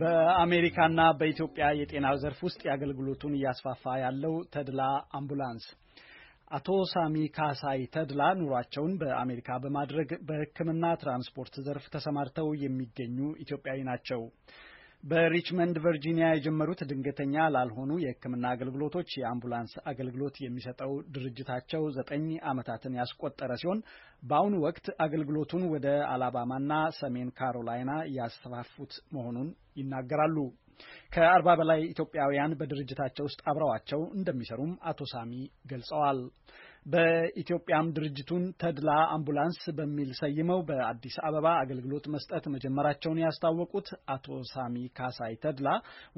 በአሜሪካና በኢትዮጵያ የጤና ዘርፍ ውስጥ የአገልግሎቱን እያስፋፋ ያለው ተድላ አምቡላንስ አቶ ሳሚ ካሳይ ተድላ ኑሯቸውን በአሜሪካ በማድረግ በሕክምና ትራንስፖርት ዘርፍ ተሰማርተው የሚገኙ ኢትዮጵያዊ ናቸው። በሪችመንድ ቨርጂኒያ የጀመሩት ድንገተኛ ላልሆኑ የሕክምና አገልግሎቶች የአምቡላንስ አገልግሎት የሚሰጠው ድርጅታቸው ዘጠኝ ዓመታትን ያስቆጠረ ሲሆን በአሁኑ ወቅት አገልግሎቱን ወደ አላባማና ሰሜን ካሮላይና እያስፋፉት መሆኑን ይናገራሉ። ከአርባ በላይ ኢትዮጵያውያን በድርጅታቸው ውስጥ አብረዋቸው እንደሚሰሩም አቶ ሳሚ ገልጸዋል። በኢትዮጵያም ድርጅቱን ተድላ አምቡላንስ በሚል ሰይመው በአዲስ አበባ አገልግሎት መስጠት መጀመራቸውን ያስታወቁት አቶ ሳሚ ካሳይ ተድላ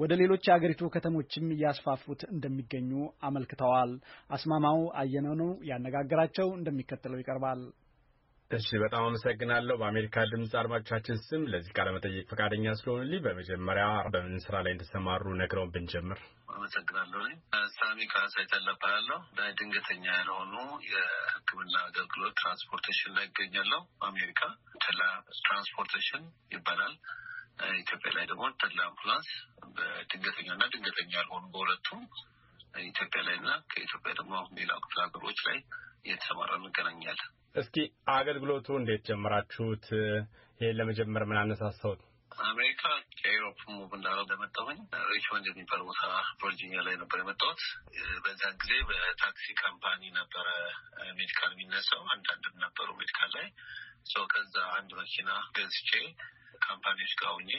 ወደ ሌሎች የአገሪቱ ከተሞችም እያስፋፉት እንደሚገኙ አመልክተዋል። አስማማው አየነው ያነጋገራቸው እንደሚከተለው ይቀርባል። እሺ በጣም አመሰግናለሁ። በአሜሪካ ድምፅ አድማጮቻችን ስም ለዚህ ቃለ መጠይቅ ፈቃደኛ ስለሆኑልኝ በመጀመሪያ በምን ስራ ላይ እንደተሰማሩ ነግረውን ብንጀምር። አመሰግናለሁ። ሳሚ ካሳ ይተለባያለሁ በድንገተኛ ያልሆኑ የህክምና አገልግሎት ትራንስፖርቴሽን ላይ ይገኛለሁ። አሜሪካ ተላ ትራንስፖርቴሽን ይባላል። ኢትዮጵያ ላይ ደግሞ ተላ አምቡላንስ ና ድንገተኛ ያልሆኑ በሁለቱም ኢትዮጵያ ላይ ና ከኢትዮጵያ ደግሞ ሌላ ክፍል ሀገሮች ላይ እየተሰማራ እንገናኛለን። እስኪ አገልግሎቱ እንዴት ጀመራችሁት? ይህን ለመጀመር ምን አነሳሳውት? አሜሪካ ከኤሮፕ ሙቭ እንዳለው እንደመጣሁኝ ሪችሞንድ የሚባል ቦታ ቨርጂኒያ ላይ ነበር የመጣሁት። በዛ ጊዜ በታክሲ ካምፓኒ ነበረ ሜዲካል የሚነሳው አንዳንድም ነበሩ ሜዲካል ላይ ከዛ አንድ መኪና ገዝቼ ካምፓኒዎች ጋር ሁኜ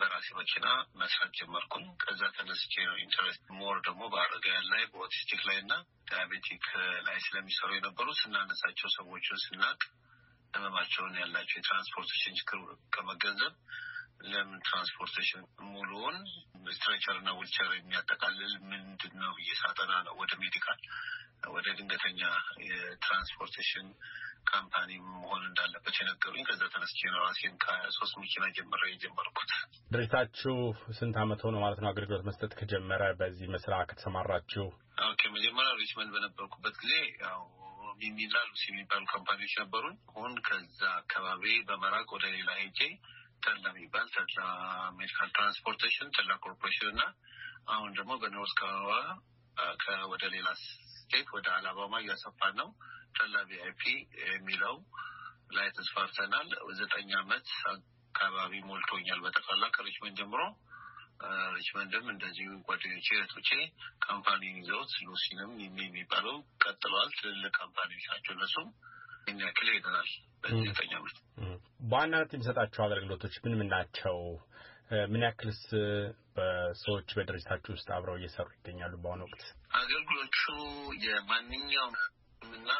በራሴ መኪና መስራት ጀመርኩኝ። ከዛ ተነስቼ ነው ኢንተረስት ሞር ደግሞ በአረጋውያን ላይ በኦቲስቲክ ላይ እና ዳያቤቲክ ላይ ስለሚሰሩ የነበሩ ስናነሳቸው ሰዎችን ስናቅ ህመማቸውን ያላቸው የትራንስፖርቴሽን ችግር ከመገንዘብ ለምን ትራንስፖርቴሽን ሙሉውን ስትሬቸር እና ውልቸር የሚያጠቃልል ምንድን ነው እየሳጠና ነው ወደ ሜዲካል ወደ ድንገተኛ የትራንስፖርቴሽን ካምፓኒ መሆን እንዳለበት የነገሩኝ። ከዛ ተነስቼ ነው ራሴን ከሶስት መኪና ጀምረ የጀመርኩት። ድርጅታችሁ ስንት አመት ሆነ ማለት ነው አገልግሎት መስጠት ከጀመረ በዚህ መስራ ከተሰማራችሁ? ኦኬ መጀመሪያ ሪችመንድ በነበርኩበት ጊዜ ያው ሚሚና ሉሲ የሚባሉ ካምፓኒዎች ነበሩኝ። አሁን ከዛ አካባቢ በመራቅ ወደ ሌላ ሄጄ ተላ የሚባል ተላ ሜዲካል ትራንስፖርቴሽን ተላ ኮርፖሬሽን እና አሁን ደግሞ በኖርስ ካዋ ከወደ ሌላ ስቴት ወደ አላባማ እያሰፋ ነው። ተላ ቪአይፒ የሚለው ላይ ተስፋፍተናል። ዘጠኝ አመት አካባቢ ሞልቶኛል። በጠቅላላ ከሪችመንድ ጀምሮ ሪችመንድም እንደዚሁ ጓደኞቼ እህቶቼ ካምፓኒ ይዘውት ሉሲንም የሚባለው ቀጥለዋል። ትልልቅ ካምፓኒዎች ናቸው። እነሱም እኛ ያክል ሄደናል በዚህ ዘጠኝ አመት በዋናነት የሚሰጣቸው አገልግሎቶች ምን ምን ናቸው? ምን ያክልስ በሰዎች በድርጅታችሁ ውስጥ አብረው እየሰሩ ይገኛሉ? በአሁኑ ወቅት አገልግሎቹ የማንኛውም ሕክምና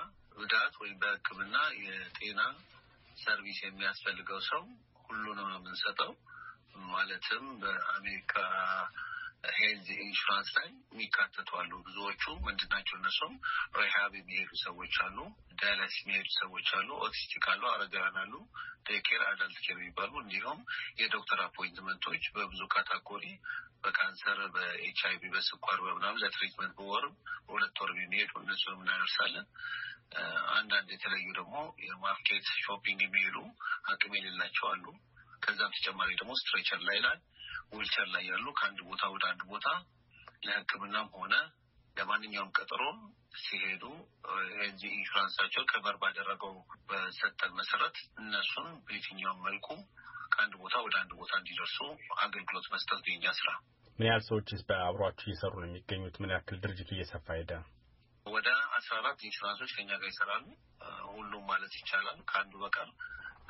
ጉዳት ወይም በሕክምና የጤና ሰርቪስ የሚያስፈልገው ሰው ሁሉ ነው የምንሰጠው። ማለትም በአሜሪካ ሄልዝ ኢንሹራንስ ላይ የሚካተቱ አሉ። ብዙዎቹ ምንድናቸው እነሱም ሪሃብ የሚሄዱ ሰዎች አሉ፣ ዳያላይስ የሚሄዱ ሰዎች አሉ፣ ኦቲስቲክ አሉ፣ አረጋውያን አሉ፣ ዴይኬር፣ አዳልት ኬር የሚባሉ እንዲሁም የዶክተር አፖይንትመንቶች በብዙ ካታጎሪ በካንሰር፣ በኤች አይ ቪ፣ በስኳር፣ በምናምን ለትሪትመንት በወርም በሁለት ወርም የሚሄዱ እነሱንም እናደርሳለን። አንዳንድ የተለዩ ደግሞ የማርኬት ሾፒንግ የሚሄዱ አቅም የሌላቸው አሉ። ከዛም ተጨማሪ ደግሞ ስትሬቸር ላይ ላል ዊልቸር ላይ ያሉ ከአንድ ቦታ ወደ አንድ ቦታ ለሕክምናም ሆነ ለማንኛውም ቀጠሮ ሲሄዱ የዚህ ኢንሹራንሳቸው ከበር ባደረገው በሰጠን መሰረት እነሱን በየትኛውም መልኩ ከአንድ ቦታ ወደ አንድ ቦታ እንዲደርሱ አገልግሎት መስጠት ነው የኛ ስራ። ምን ያህል ሰዎችስ በአብሯችሁ እየሰሩ ነው የሚገኙት? ምን ያክል ድርጅቱ እየሰፋ ሄደ? ወደ አስራ አራት ኢንሹራንሶች ከኛ ጋር ይሰራሉ። ሁሉም ማለት ይቻላል ከአንዱ በቀር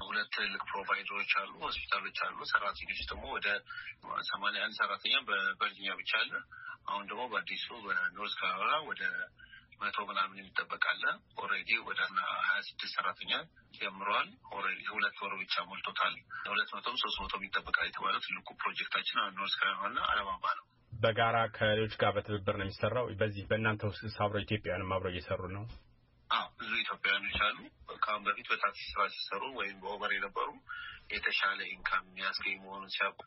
ሁለት ትልልቅ ፕሮቫይደሮች አሉ፣ ሆስፒታሎች አሉ። ሰራተኞች ደግሞ ወደ ሰማንያ አንድ ሰራተኛ በቨርጂኒያ ብቻ አለ። አሁን ደግሞ በአዲሱ በኖርዝ ካሮላ ወደ መቶ ምናምን የሚጠበቃለ። ኦልሬዲ ወደ ሀያ ስድስት ሰራተኛ ጀምረዋል። ኦልሬዲ ሁለት ወር ብቻ ሞልቶታል። ሁለት መቶም ሶስት መቶም ይጠበቃል የተባለው ትልቁ ፕሮጀክታችን አሁን ኖርዝ ካሮላና አለማማ ነው። በጋራ ከሌሎች ጋር በትብብር ነው የሚሰራው። በዚህ በእናንተ ውስጥ አብረው ኢትዮጵያውያንም አብረው እየሰሩ ነው። አዎ ብዙ ኢትዮጵያውያኖች አሉ። ከአሁን በፊት በታክሲ ስራ ሲሰሩ ወይም በኦቨር የነበሩ የተሻለ ኢንካም የሚያስገኝ መሆኑን ሲያውቁ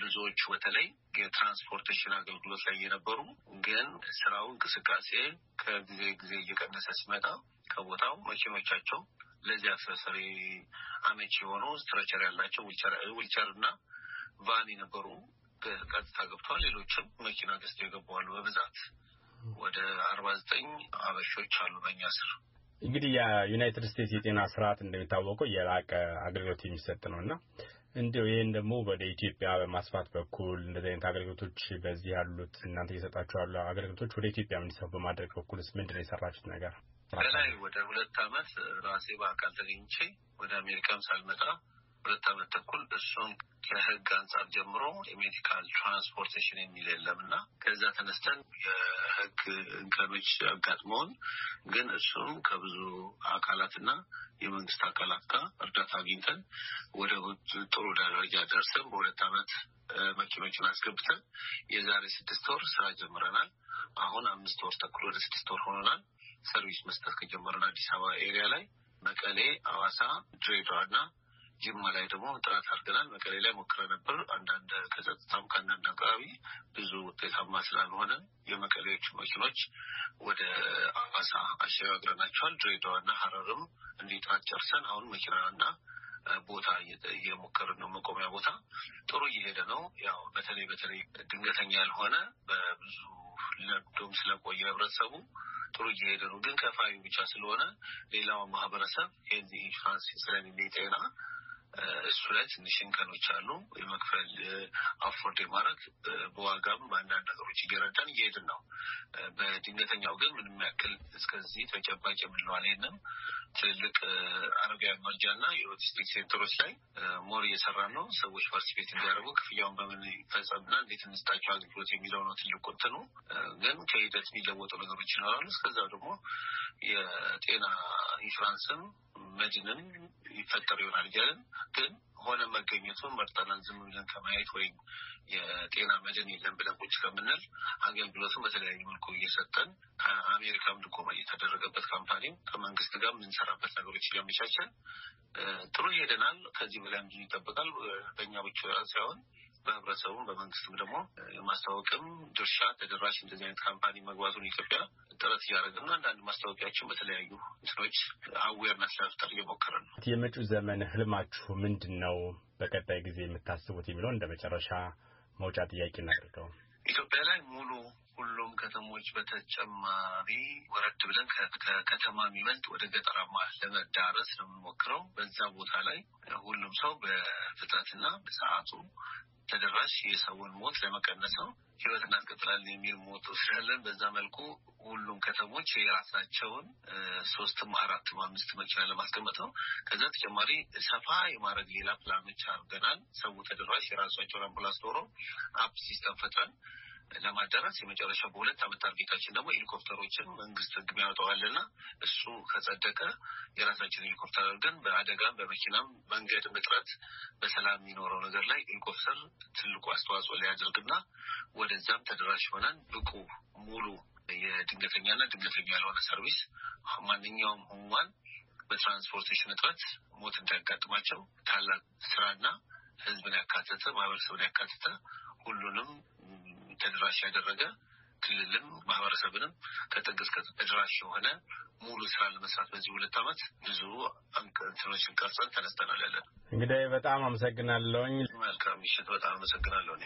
ብዙዎቹ በተለይ የትራንስፖርቴሽን አገልግሎት ላይ የነበሩ ግን ስራው እንቅስቃሴ ከጊዜ ጊዜ እየቀነሰ ሲመጣ ከቦታው መኪኖቻቸው ለዚህ አክሰሰሪ አመች የሆኑ ስትረቸር ያላቸው ዊልቸር እና ቫን የነበሩ ቀጥታ ገብተዋል። ሌሎችም መኪና ገዝተው የገባዋሉ በብዛት ወደ አርባ ዘጠኝ አበሾች አሉ በእኛ ስር። እንግዲህ የዩናይትድ ስቴትስ የጤና ስርዓት እንደሚታወቀው የላቀ አገልግሎት የሚሰጥ ነው እና እንዲሁ ይህን ደግሞ ወደ ኢትዮጵያ በማስፋት በኩል እንደዚህ አይነት አገልግሎቶች በዚህ ያሉት እናንተ እየሰጣችሁ ያሉ አገልግሎቶች ወደ ኢትዮጵያ እንዲሰፉ በማድረግ በኩልስ ምንድን ነው የሰራችሁት ነገር? በላይ ወደ ሁለት አመት ራሴ በአካል ተገኝቼ ወደ አሜሪካም ሳልመጣ ሁለት ዓመት ተኩል እሱም ከህግ አንጻር ጀምሮ የሜዲካል ትራንስፖርቴሽን የሚል የለም እና ከዛ ተነስተን የህግ እንከኖች አጋጥመውን ግን እሱም ከብዙ አካላትና የመንግስት አካላት ጋር እርዳታ አግኝተን ወደ ጥሩ ደረጃ ደርሰን በሁለት አመት መኪኖችን አስገብተን የዛሬ ስድስት ወር ስራ ጀምረናል። አሁን አምስት ወር ተኩል ወደ ስድስት ወር ሆኖናል። ሰርቪስ መስጠት ከጀመረን አዲስ አበባ ኤሪያ ላይ መቀሌ፣ አዋሳ፣ ድሬዳዋ እና ጅማ ላይ ደግሞ ጥራት አድርገናል። መቀሌ ላይ ሞክረ ነበር። አንዳንድ ከጸጥታም ከአንዳንድ አካባቢ ብዙ ውጤታማ ስላልሆነ የመቀሌዎቹ መኪኖች ወደ አዋሳ አሸጋግረናቸዋል። ድሬዳዋና ሀረርም እንዲህ ጥራት ጨርሰን አሁን መኪናና ቦታ እየሞከርን ነው። መቆሚያ ቦታ ጥሩ እየሄደ ነው። ያው በተለይ በተለይ ድንገተኛ ያልሆነ በብዙ ለምዶም ስለቆየ ህብረተሰቡ ጥሩ እየሄደ ነው። ግን ከፋዩ ብቻ ስለሆነ ሌላው ማህበረሰብ ይህ ኢንሹራንስ ስለሌለ ጤና እሱ ላይ ትንሽ እንከኖች አሉ። የመክፈል አፎርድ የማድረግ በዋጋም በአንዳንድ ነገሮች እየረዳን እየሄድን ነው። በድንገተኛው ግን ምንም ያክል እስከዚህ ተጨባጭ የምንለዋል ይህንም ትልልቅ አረጋዊ መርጃ እና የኦቲስቲክ ሴንተሮች ላይ ሞር እየሰራን ነው። ሰዎች ፓርቲሲፔት እንዲያደርጉ ክፍያውን በምን ይፈጸምና እንዴት እንስጣቸው አገልግሎት የሚለው ነው ትልቁ እንትኑ። ግን ከሂደት የሚለወጡ ነገሮች ይኖራሉ። እስከዛ ደግሞ የጤና ኢንሹራንስም መድንም ይፈጠር ይሆናል እያለን ግን ሆነ መገኘቱን መርጠናል። ዝም ብለን ከማየት ወይም የጤና መድን የለም ብለን ቁጭ ከምንል አገልግሎቱን በተለያዩ መልኩ እየሰጠን ከአሜሪካም ድጎማ እየተደረገበት ካምፓኒም ከመንግስት ጋር የምንሰራበት ነገሮች እያመቻቸን ጥሩ ይሄደናል። ከዚህ በላይ ብዙ ይጠበቃል። በእኛ ብቻ ሳይሆን በህብረተሰቡም በመንግስትም ደግሞ ማስታወቅም ድርሻ ተደራሽ እንደዚህ አይነት ካምፓኒ መግባቱን ኢትዮጵያ ጥረት እያደረገ ነው። አንዳንድ ማስታወቂያችን በተለያዩ እንትኖች አዌርነስ ለመፍጠር እየሞከረ ነው። የመጪው ዘመን ህልማችሁ ምንድን ነው? በቀጣይ ጊዜ የምታስቡት የሚለውን እንደ መጨረሻ መውጫ ጥያቄ እናደርገው። ኢትዮጵያ ላይ ሙሉ ሁሉም ከተሞች በተጨማሪ ወረድ ብለን ከከተማ የሚበልጥ ወደ ገጠራማ ለመዳረስ ነው የምንሞክረው። በዛ ቦታ ላይ ሁሉም ሰው በፍጥነትና በሰዓቱ ተደራሽ የሰውን ሞት ለመቀነስ ነው። ህይወት እናስቀጥላለን የሚል ሞት ስላለን በዛ መልኩ ሁሉም ከተሞች የራሳቸውን ሶስትም አራትም አምስት መኪና ለማስቀመጥ ነው። ከዛ ተጨማሪ ሰፋ የማድረግ ሌላ ፕላኖች አድርገናል። ሰው ተደራሽ የራሳቸውን አምቡላንስ ኖሮ አፕ ሲስተም ፈጥረን ለማዳረስ የመጨረሻ በሁለት ዓመት ታርጌታችን ደግሞ ሄሊኮፕተሮችን መንግስት ህግ ሚያወጣዋልና እሱ ከጸደቀ የራሳችን ሄሊኮፕተር አድርገን በአደጋም በመኪናም መንገድ እጥረት በሰላም የሚኖረው ነገር ላይ ሄሊኮፕተር ትልቁ አስተዋጽኦ ሊያደርግና ወደዛም ተደራሽ ሆነን ብቁ ሙሉ የድንገተኛና ድንገተኛ ያልሆነ ሰርቪስ ማንኛውም ህሙማን በትራንስፖርቴሽን እጥረት ሞት እንዳያጋጥማቸው ታላቅ ስራና ህዝብን ያካተተ ማህበረሰብን ያካተተ ሁሉንም ተደራሽ ያደረገ ክልልም ማህበረሰብንም ከጥግ እስከ ተደራሽ የሆነ ሙሉ ስራ ለመስራት በዚህ ሁለት አመት ብዙ እንትኖችን ቀርጸን ተነስተናል ያለን። እንግዲህ በጣም አመሰግናለሁኝ። መልካም ምሽት። በጣም አመሰግናለሁ።